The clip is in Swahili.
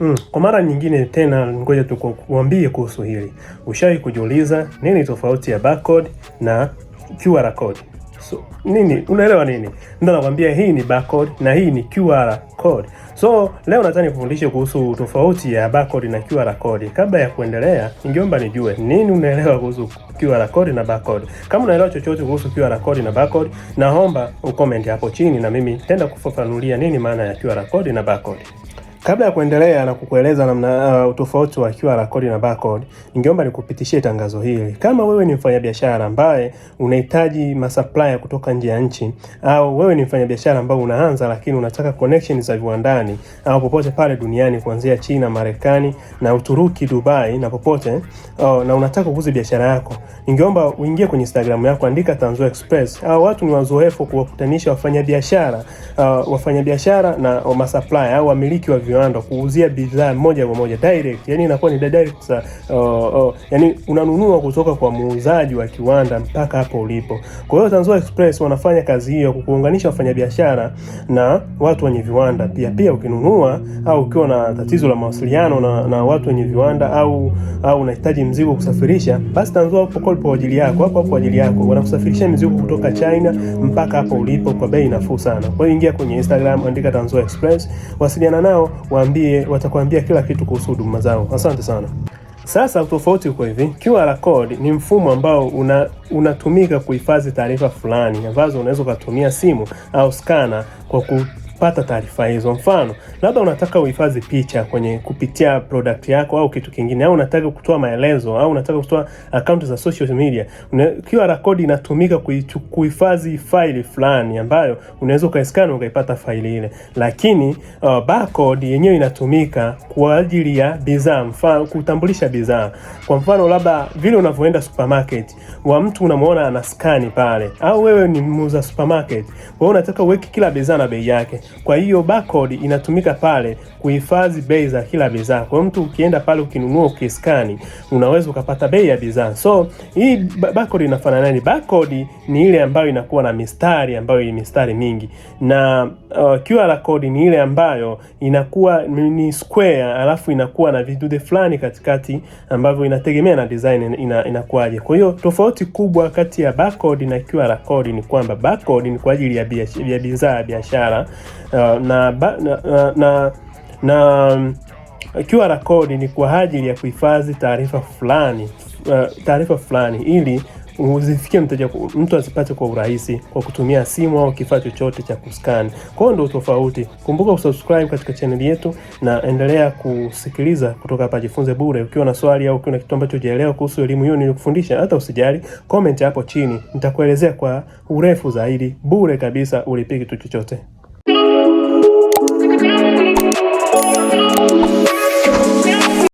Mm. Kwa mara nyingine tena ngoja tukuambie kuhusu hili. Ushawahi kujiuliza nini tofauti ya barcode na QR code? So, nini unaelewa nini? Ndio nakwambia hii ni barcode na hii ni QR code. So leo nataka nikufundishe kuhusu tofauti ya barcode na QR code. Kabla ya kuendelea, ningeomba nijue nini unaelewa kuhusu QR code na barcode. Kama unaelewa chochote kuhusu QR code na barcode, naomba ucomment hapo chini na mimi nitaenda kufafanulia nini maana ya QR code na barcode. Kabla ya kuendelea na kukueleza namna uh, tofauti wa QR code na barcode, ningeomba nikupitishie tangazo hili. Kama wewe ni mfanyabiashara ambaye unahitaji masupplier kutoka nje ya nchi, au wewe ni mfanyabiashara ambaye unaanza lakini unataka connection za viwandani au popote pale duniani kuanzia China, Marekani na Uturuki, Dubai na popote uh, na unataka kuuza biashara yako, ningeomba uingie kwenye Instagram yako, andika Tanzua Express. Au watu ni wazoefu kuwakutanisha wafanyabiashara uh, wafanyabiashara na masupplier au wamiliki wa viwandani viwanda kuuzia bidhaa moja kwa moja direct, yani inakuwa ni direct sa, uh, uh, yani unanunua kutoka kwa muuzaji wa kiwanda mpaka hapo ulipo. Kwa hiyo Tanzua Express wanafanya kazi hiyo kukuunganisha wafanyabiashara na watu wenye viwanda pia. Pia ukinunua au ukiwa na tatizo la mawasiliano na, na watu wenye viwanda au au unahitaji mzigo kusafirisha, basi Tanzua hapo kwa ajili yako, hapo hapo ajili yako wanakusafirishia mzigo kutoka China mpaka hapo ulipo kwa bei nafuu sana. Kwa hiyo ingia kwenye Instagram, andika Tanzua Express, wasiliana nao waambie, watakwambia kila kitu kuhusu huduma zao. Asante sana. Sasa tofauti uko hivi. QR code ni mfumo ambao una unatumika kuhifadhi taarifa fulani ambazo unaweza ukatumia simu au skana kwa ku kupata taarifa hizo. Mfano, labda unataka uhifadhi picha kwenye kupitia product yako au kitu kingine, au unataka kutoa maelezo au unataka kutoa akaunti za social media. QR code inatumika kuhifadhi faili fulani ambayo unaweza ukaiskana ukaipata faili ile, lakini uh, barcode yenyewe inatumika kwa ajili ya bidhaa, mfano kutambulisha bidhaa. Kwa mfano, labda vile unavyoenda supermarket wa mtu unamwona ana skani pale, au wewe ni muuza supermarket, kwa unataka uweke kila bidhaa na bei yake kwa hiyo barcode inatumika pale kuhifadhi bei za kila bidhaa. Kwa mtu ukienda pale ukinunua, ukiskani, unaweza ukapata bei ya bidhaa. So hii barcode inafanana nani? Barcode ni ile ambayo inakuwa na mistari ambayo ni mistari mingi, na uh, QR code ni ile ambayo inakuwa ni square, alafu inakuwa na vidude fulani katikati ambavyo inategemea na design ina, inakuwaje. Kwa hiyo tofauti kubwa kati ya barcode na QR code ni kwamba barcode ni kwa ajili ya bidhaa ya biashara na, na, na, na, na QR code ni kwa ajili ya kuhifadhi taarifa fulani uh, taarifa fulani ili uzifikie mteja, mtu azipate kwa urahisi kwa kutumia simu au kifaa chochote cha kuskani. Kwa hiyo ndio tofauti. Kumbuka kusubscribe katika chaneli yetu na endelea kusikiliza kutoka hapa Jifunze Bure. Ukiwa na swali au ukiwa na kitu ambacho hujaelewa kuhusu elimu hiyo nilikufundisha, hata usijali, comment hapo chini, nitakuelezea kwa urefu zaidi, bure kabisa, ulipiki kitu chochote. Thank you.